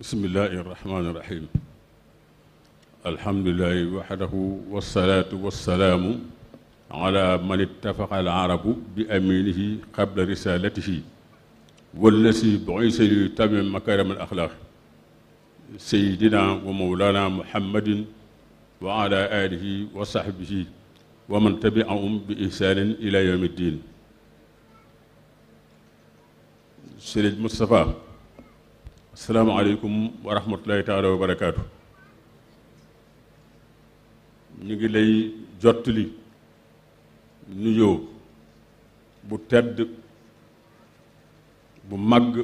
بسم الله الرحمن الرحيم الحمد لله وحده والصلاة والسلام على من اتفق العرب بأمينه قبل رسالته والذي بعيسى ليتمم مكارم الأخلاق سيدنا ومولانا محمد وعلى آله وصحبه ومن تبعهم بإحسان إلى يوم الدين سيد مصطفى asalaamaaleykum wa rahmatulahi taala wa barakaatu ñu ngi lay jottali nuyoo bu tedd bu màgg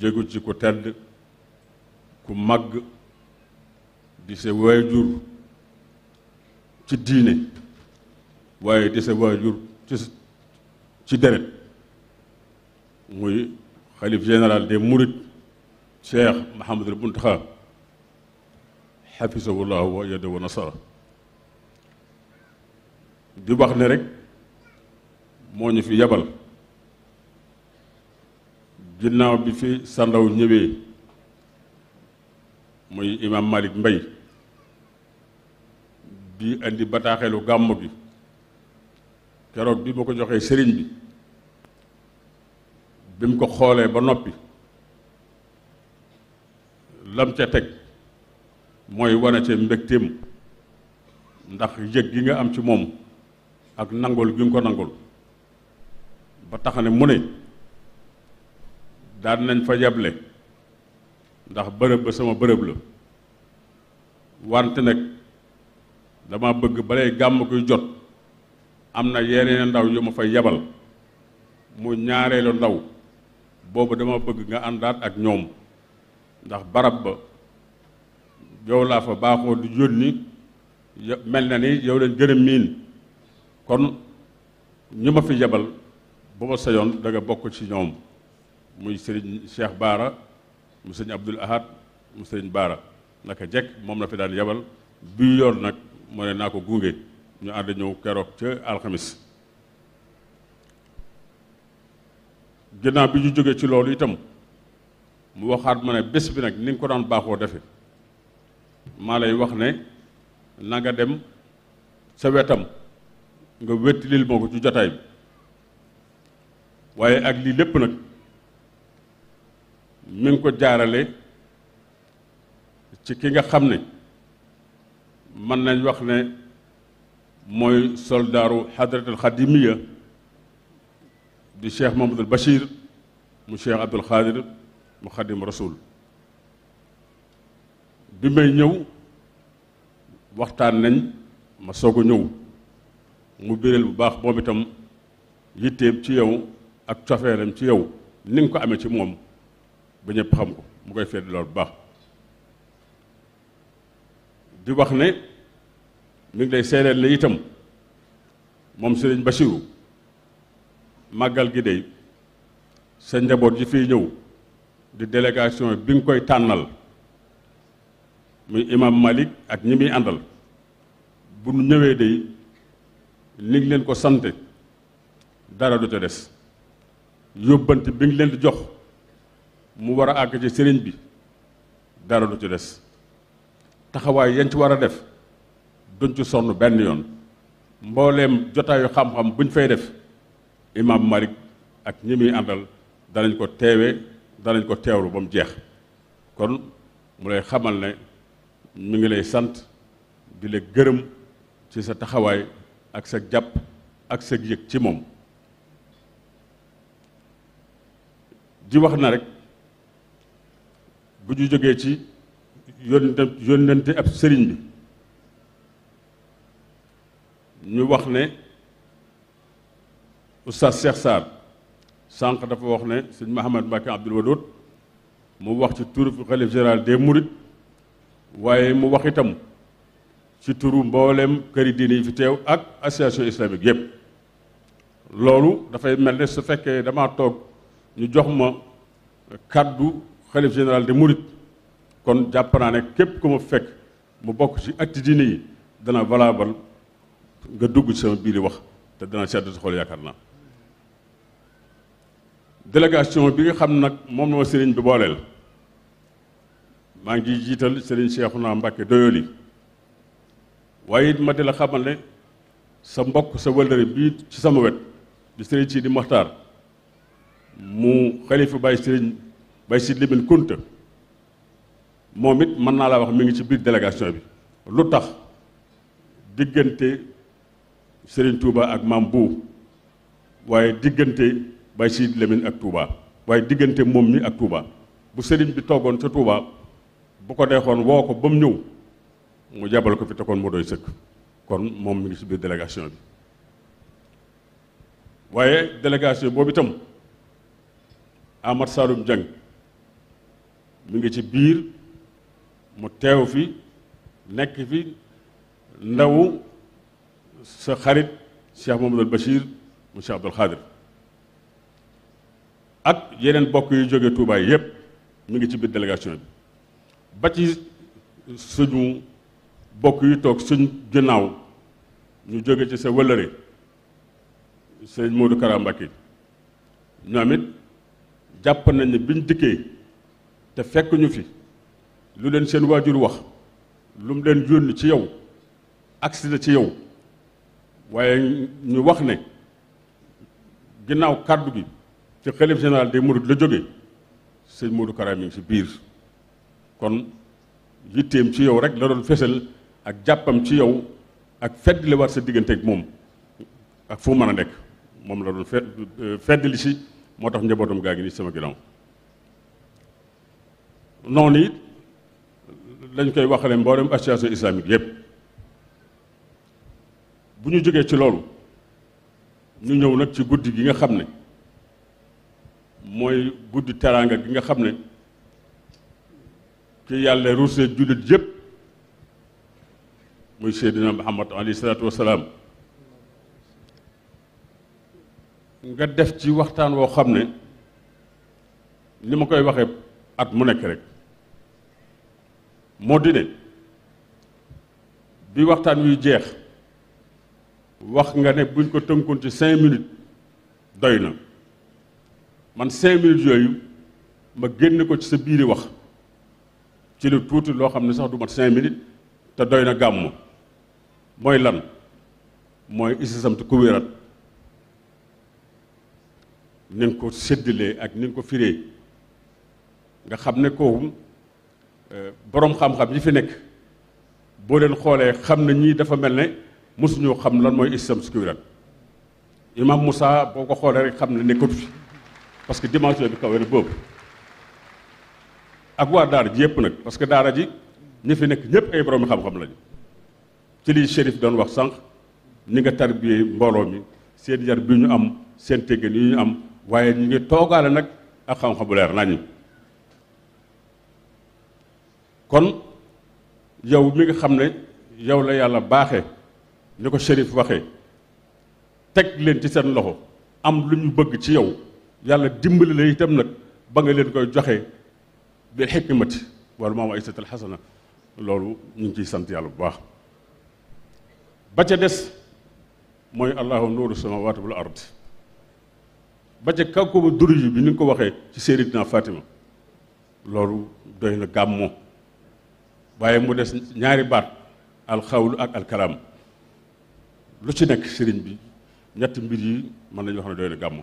jégu ci ko tedd ku màgg di sa waajur ci diine waaye di sa waajur ci ci deret muy خليفة جنرال دي مورد شيخ محمد البنتخا حفظه الله ويده ونصره دي وقت رك موني في جبل جناو بي في سانداو نيبي موي امام مالك مبي دي اندي بتاخلو غامو بي كروك بي مكو جوخي سيرين بي bi mu ko xoolee ba noppi lam ca teg mooy wane ca mbégteem ndax yëg gi nga am ci moom ak nangul gi nga ko nangul ba tax ne mu ne daan nañ fa yeble ndax bërëb ba sama bërëb la want nag dama bëgg balay gàmm kuy jot am na yeneen ndaw yu ma fay yebal mu ñaareelu ndaw boobu dama bëgg nga àndaat ak ñoom ndax barab ba yow laa fa baaxoo di yónni mel na ni yow leen gën miin kon ñi ma fi yebal bu ma sayoon da nga bokk ci ñoom muy sëriñ Cheikh Baara mu sëriñ Abdul Ahad mu sëriñ Baara naka jekk moom la fi daan yebal bi yoon nag mu ne naa ko gunge ñu ànd ñëw keroog ca alxamis ginnaaw bi ñu jógee ci loolu itam mu waxaat ma ne bés bi nag ni nga ko daan baaxoo defe maa lay wax ne nanga dem sa wetam nga wettilil moo ko ci jotaay bi waaye ak lii lépp nag mi ngi ko jaarale ci ki nga xam ne mën nañ wax ne mooy soldaaru xadratul xadimiya دي شيخ محمد البشير مو شيخ عبد الخادر مخدم رسول بما نيو وقتان نان ما سوغو نيو مو بيرل بو باخ بومي تام ييتيم تي يو اك تافيرم تي يو نينكو امي تي موم با نيب خامكو مو كاي فيد لول باخ دي واخني مي ngi lay sédel ne itam moom sëriñ basiru màggal gi dey sa njaboot ji fi ñëw di délégation bi nga koy tànnal muy imam Malik ak ñi muy àndal bu ñu ñëwee dey ni leen ko sante dara du ca des yóbbante bi ngi leen di jox mu war a àgg ci sëriñ bi dara du ca des taxawaay yañ ci war a def duñ sonn benn yoon mbooleem jotaayu xam-xam buñ fay def imam Malik ak ñi muy àndal danañ ko teewe danañ ko teewlu ba mu jeex kon mu lay xamal ne mi ngi lay sant di la gërëm ci sa taxawaay ak sa jàpp ak sa yëg ci moom di wax na rek bu ñu jógee ci yónnante yónnante ab sëriñ bi ñu wax ne sa Cheikh Sarr sànq dafa wax ne sëñ Mahamad Mbacke Abdoul Wadoud mu wax ci turu xalif général des Mourides waaye mu wax itam ci turu mbooleem këri diine yi fi teew ak association islamique yëpp loolu dafay mel ni su fekkee damaa toog ñu jox ma kàddu xalif général des murit kon jàpp naa ne képp ku ma fekk mu bokk ci acte diine yi dana valable nga dugg ci sama biir wax te dana sedd sa xol yaakaar naa délégation bi nga xam nag moom la ma sëriñ bi booleel maa ngi ciy jiital sëriñ naa Mbacké doyoli waaye it ma di la xamal ne sa mbokk sa wëllëre bii ci sama wet di sëriñ si di Maxtaar mu xalifa Baye sëriñ Baye Sidi Lamine Kunta moom it mën naa laa wax mu ngi ci biir délégation bi lu tax diggante sëriñ Touba ak maam bu waaye diggante Baye Sidi Lamine ak Touba waaye diggante moom mi ak Touba bu sëriñ bi toogoon sa Touba bu ko neexoon woo ko ba mu ñëw mu jabal ko fi te kon mu doy sëkk kon moom mi ngi ci biir délégation bi waaye délégation boobu itam Amath Saloum Dieng mi ngi ci biir mu teew fi nekk fi ndawu sa xarit Cheikh Mamadou Bachir mu Cheikh Abdoul Khadir ak yeneen bokk yu jóge Touba yëpp mu ngi ci biir délégation bi ba ci suñu bokk yu toog suñ ginnaaw ñu jóge ci sa wëllëre sëñ Modou Kara Mbacké ñoom it jàpp nañ ne biñ dikkee te fekk ñu fi lu leen seen waajur wax lu mu leen yónni ci yow agsi na ci yow waaye ñu wax ne ginnaaw kàddu gi ci xalif général des mourides la jóge sëñ Modou Kara mi ngi si biir kon yitteem ci yow rek la doon fesal ak jàppam ci yow ak feddli war sa diggante ak moom ak fu mën a nekk moom la doon fe euh, feddli si moo tax njabootam gaa ngi nii sama ginnaaw noonu it lañ koy waxale mboolem association islamique yépp bu ñu jógee ci loolu ñu ñëw nag ci guddi gi nga xam ne mooy guddi teraanga gi nga xam ne ki yàlla ruuse jullit yëpp muy seydina muhammad alayhi salaatu wasalaam nga def ci waxtaan woo xam ne ni ma koy waxee at mu nekk rek moo di ne bi waxtaan wi jeex wax nga ne buñ ko tënkoon ci cinq minutes doy na man cinq minutes yooyu ma génn ko ci sa biir biiri wax ci lu tuuti loo xam ne sax du mat cinq minutes te doy na gàmm mooy lan mooy Issa Samte ku ni nga ko séddalee ak ni ko firee nga xam ne kooku euh, boroom xam-xam fi nekk boo leen xoolee xam ne ñii dafa mel ne mosuñoo xam lan mooy Issa Samte ku wérat Imam boo ko xoolee rek xam ne nekkatu fi parce que dimension bi kawe na boobu ak waa daara ji yëpp nag parce que daara ji ñi fi nekk ñëpp ay borom xam-xam lañu ci lii shérif doon wax sànq ñi nga tarbiyee mbooloo mi seen yar bi ñu am seen teggin yi ñu am waaye ñu ngi toogaale nag ak xam-xam bu leer nañu kon yow mi nga xam ne yow la yàlla baaxee ni ko shérif waxee teg leen ci seen loxo am lu ñu bëgg ci yow yàlla dimbali la itam nag ba nga leen koy joxe bil xikmati wala moom ay satal xasana loolu ñu ngi ciy sant yàlla bu baax ba ca des mooy allahu nuuru samawaati wal ard ba ca kaw kawkabu duruj bi ni nga ko waxee ci Seydina Fatima loolu doy na gàmmo waaye mu des ñaari baat alxawlu ak alkalaam lu ci nekk sëriñ bi ñetti mbir yi mën nañu wax ne doy na gàmmo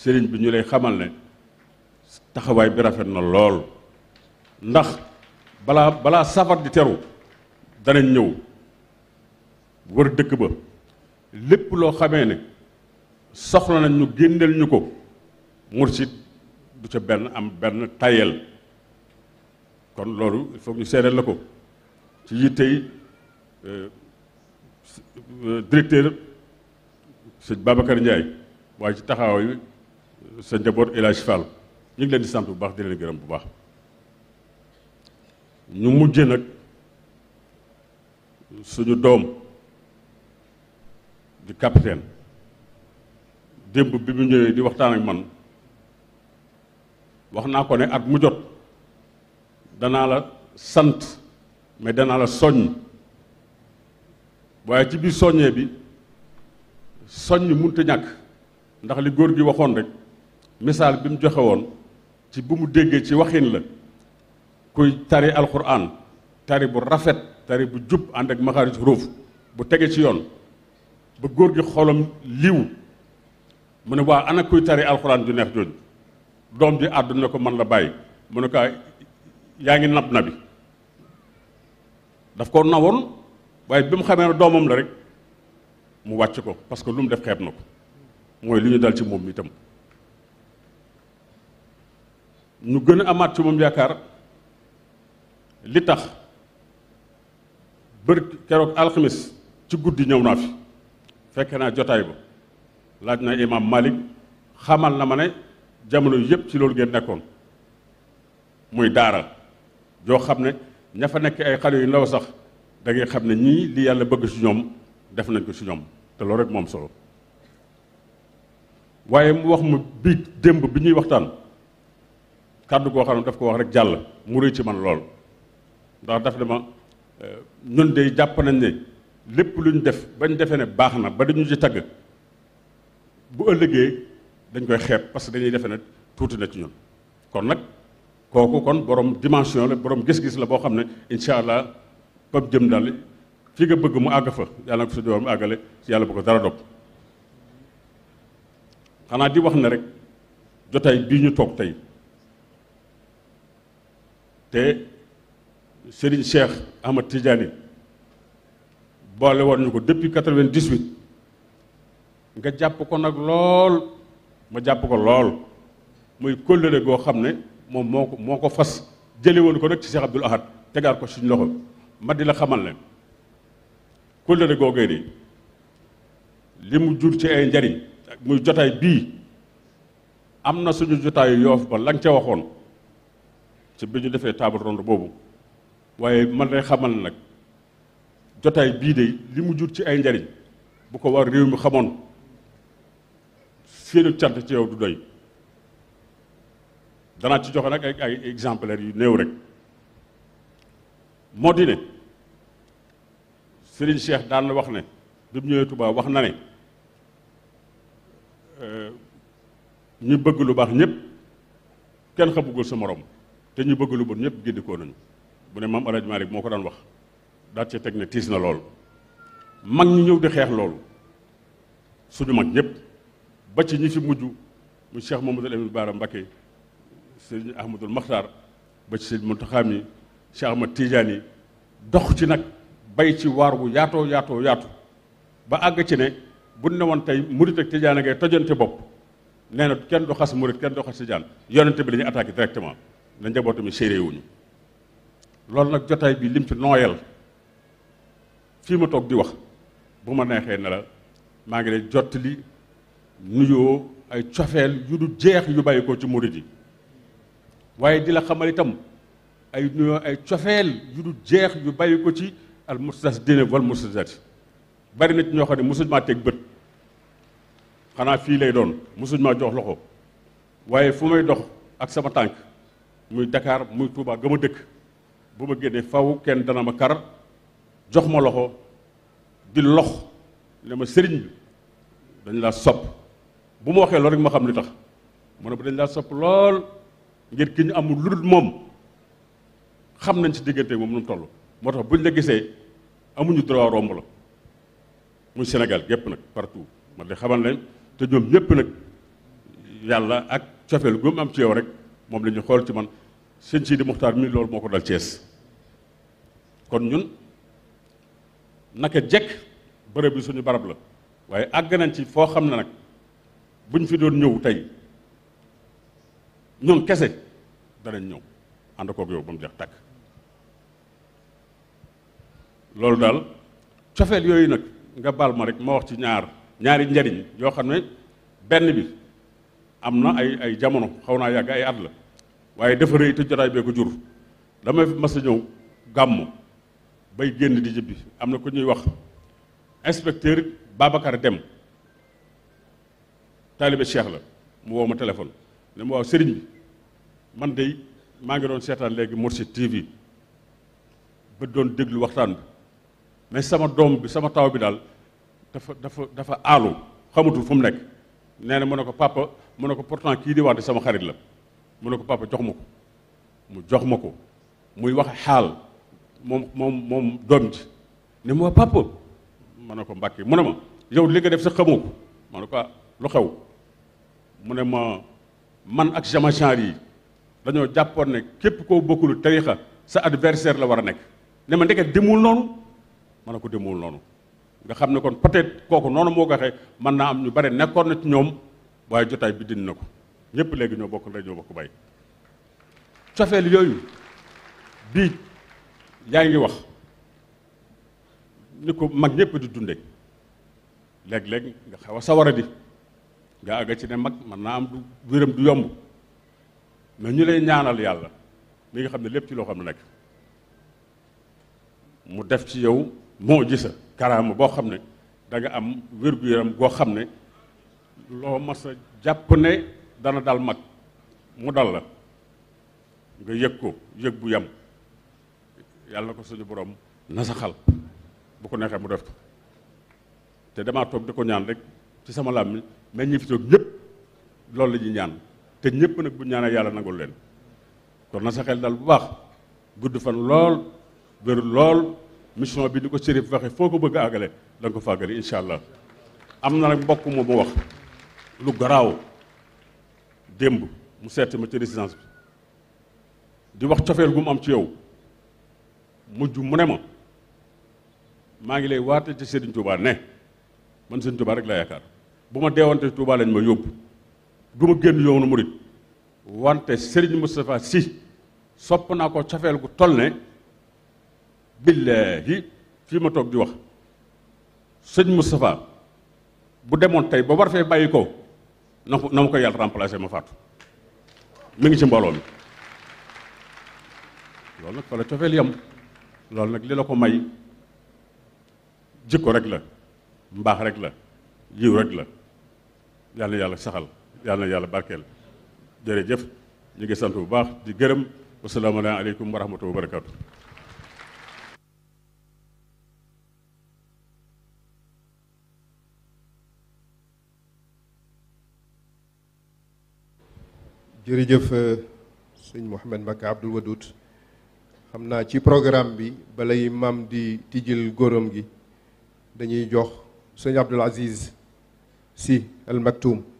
sëriñ bi ñu lay xamal ne taxawaay bi rafet na lool ndax balaa balaa safar di teru danañ ñëw wër dëkk ba lépp loo xamee ne soxla nañ ñu génneel ñu ko mursid du ca benn am benn tayel kon loolu il faut ñu seedeel la ko ci yittey directeur sëñ Babacar Ndiaye waaye ci taxawaay sa njaboot El Hadj Fall ñu ngi leen di sant bu baax di leen gërëm bu baax ñu mujje nag suñu doom di capitaine démb bi mu ñëwee di waxtaan ak man wax naa ko ne at mu jot danaa la sant mais danaa la soññ waaye ci biir soññee bi soññ mënut a ñàkk ndax li góor gi waxoon rek misaal bi mu joxe woon ci bu mu déggee ci waxin la kuy tari alxuraan tari bu rafet tari bu jub ànd ak maxaarij ruuf bu tege ci yoon ba góor gi xolam liw mu ne waa ana kuy tari alxuraan ju neex jooju doom ji àdduna ko man la bàyyi mu ne ko yaa ngi nab nabi daf koo nawoon waaye bi mu xamee ne doomam la rek mu wàcc ko parce que lu mu def xeeb na ko mooy li ñu dal ci moom itam ñu gën a amaat ci moom yaakaar li tax bër keroog alxames ci guddi ñëw naa fi fekke naa jotaay ba laaj na imaam Malik xamal na ma ne jamono yëpp ci loolu ngeen nekkoon muy daara joo xam ne ña fa nekk ay xale yu ndaw sax da xam ne ñii li yàlla bëgg ci ñoom def nañ ko ci ñoom te loolu rek moom solo waaye mu wax mu biig démb bi ñuy waxtaan kàddu goo xam ne daf ko wax rek jàll mu rëy ci man lool ndax daf ne ma ñun de jàpp nañ ne lépp lu ñu def bañ defee ne baax na ba dañu ci tagg bu ëllëgee dañ koy xeeb parce que dañuy defee ne tuuti na ci ñun kon nag kooku kon borom dimension la borom gis-gis la boo xam ne incha allah pap jëm daal fii nga bëgg mu àgg fa yàlla na ko sa doom mu àggale ci yàlla bu ko dara dopp xanaa di wax ne rek jotaay bii ñu toog tey te Serigne Cheikh Ahmad Tidiane boole woon ñu ko depuis quatre-vingt-dix-huit nga jàpp ko nag lool ma jàpp ko lool muy kóllëre goo xam ne moom moo ko moo ko fas jële woon ko nag ci Cheikh Abdoul Ahad tegaat ko suñu loxo ma di la xamal ne kóllëre googee de li mu jur ci ay njariñ muy jotaay bii am na suñu jotaayu yoof ba lañ waxoon ci biñu ñu defee table ronde boobu waaye man lay xamal nag jotaay bii de li mu jur ci ay njariñ bu ko war réew mi xamoon seenu cant ci yow du doy danaa ci joxe nag ay ay exemplaire yu néew rek moo di ne Serigne Cheikh daan wax ne bi mu ñëwee Touba wax na ne ñu bëgg lu baax ñëpp kenn xamugul sa morom. te ñu bëgg lu bon ñëpp gindikoo nañu bu ne maam El Hadj moo ko daan wax daat ca teg ne tiis na lool mag ñu ñëw di xeex loolu suñu mag ñëpp ba ci ñi ci mujj mu Cheikh Mamadou Lamine Bara Mbacké sëñ Ahmadul Makhtar ba ci sëñ Mountakha mi Cheikh Ahmad Tidiane yi dox ci nag bay ci waar bu yaatoo yaatoo yaatu ba àgg ci ne buñ ne woon tey murit ak Tidiane ngay tojante bopp nee na kenn du xas murit kenn du xas Tidiane yonente bi la ñuy attaqué directement la njabootu mi séeréer loolu nag jotaay bii lim ci nooyal fii ma toog di wax bu ma neexee ne la maa ngi lay jottali nuyoo ay cofeel yu du yu bàyyi ci murid yi waaye di la xamal itam ay nuyoo ay cofeel yu du jeex yu bàyyi ko ci al mustasidina wal mustasidati bari na ñoo xam ne mosuñ maa teg bët xanaa fii lay doon mosuñ maa jox loxo waaye fu may dox ak sama tànk muy Dakar muy Touba ga ma dëkk bu ma génnee faw kenn dana ma kar jox ma loxo di lox ne ma sëriñ bi dañ laa sopp bu ma waxee loolu rek ma xam li tax mu ne bu dañ laa sopp lool ngir ki ñu amul lu dul moom xam nañ si diggante moom nu mu toll moo tax buñ la gisee amuñu droit romb la muy Sénégal gépp nag partout man de xamal leen te ñoom ñépp nag yàlla ak cofeel gu mu am ci yow rek moom la ñu xool ci man sëñ Sidi Muxtaar mii loolu moo ko dal Thiès kon ñun naka jekk bërëb bi suñu barab la waaye àgg nañ ci foo xam ne nag buñ fi doon ñëw tey ñun kese danañ ñëw ànd koog yow ba mu jeex tàkk loolu daal cofeel yooyu nag nga baal ma rek ma wax ci ñaar ñaari njariñ yoo xam ne benn bi am na ay ay jamono xaw naa yàgg ay at la waaye dafa rëy te jotaay bee ko jur damay mas a ñëw gàmm bay génn di jëbbi am na ku ñuy wax inspecteur Babacar Dem taalibe Cheikh la mu woo ma téléphone ne ma waaw sëriñ bi man de maa ngi doon seetaan léegi Mourchid TV ba doon déglu waxtaan bi mais sama doom bi sama taw bi daal dafa dafa dafa aalu xamatul fu mu nekk nee ne mun ne ko papa mun ne ko pourtant kii di wante sama xarit la mu ne ko papa jox ma ko mu jox ma muy wax ne ma papa ma ne ko ma yow li nga def sa xamoo ko ne ko ah, lu xew mu man sa adversaire la war a ne ma ndeket demul noonu ma ne ko demul noonu nga ne kon peut-être kooku noonu moo am na ci ñépp léegi ñoo bokk ndey ñoo bokk bay cofeel yooyu bii yaa ngi wax ni ko mag ñëpp di dunde léeg-léeg nga xaw a sawara di nga àgg ci ne mag man naa am du wéram du yomb mais ñu lay ñaanal yàlla mi nga xam ne lépp ci loo xam ne nekk mu def ci yow moo gisa karaama boo xam ne da am wér-gu-yaram goo xam ne loo mas a jàpp ne dana daal mag mu dal la nga yëg ko yëg bu yam yàlla na ko suñu borom nasaxal bu ko nekkee mu def ko te damaa toog di ko ñaan rek ci sama làmmiñ mais ñi fi toog ñëpp loolu la ñuy ñaan te ñëpp nag bu ñaanee yàlla nangul leen kon na sa xel dal bu baax gudd fan lool wér lool mission bi ni ko Chérif waxe foo ko bëgg a àggale da nga ko fàggale incha allah am na nag mbokk moomu wax lu garaaw. démb mu seet ma ci résidence bi di wax cofeel gu mu am ci yow mujj mu ne ma maa ngi lay waate ci sëriñ Touba ne man Serigne Touba rek laa yaakaar bu ma deewante Touba lañ ma yóbbu du ma génn yoonu murit wante Serigne Moustapha Sy sopp naa ko cofeel gu toll ne billaahi fii ma toog di wax sëñ Moustapha bu demoon tey ba war fee bàyyi ko na ko na ma ko yàlla remplacé ma faatu mu ngi ci mbooloo mi loolu nag fa la cofeel yam loolu nag li la ko may jikko rek la mbaax rek la yiw rek la yàlla yàlla saxal yàlla na yàlla barkeel jërëjëf ñu ngi sant bu baax di gërëm wasalaamaaleykum wa rahmatulah wa barakaatu. jërëjëf euh, sëñ Mouhamed Mbacke Abdoul Wadoud xam naa ci programme bi balay maam di tijjil góoram gi dañuy jox sëñ Abdoul Aziz Sy Al Maktoum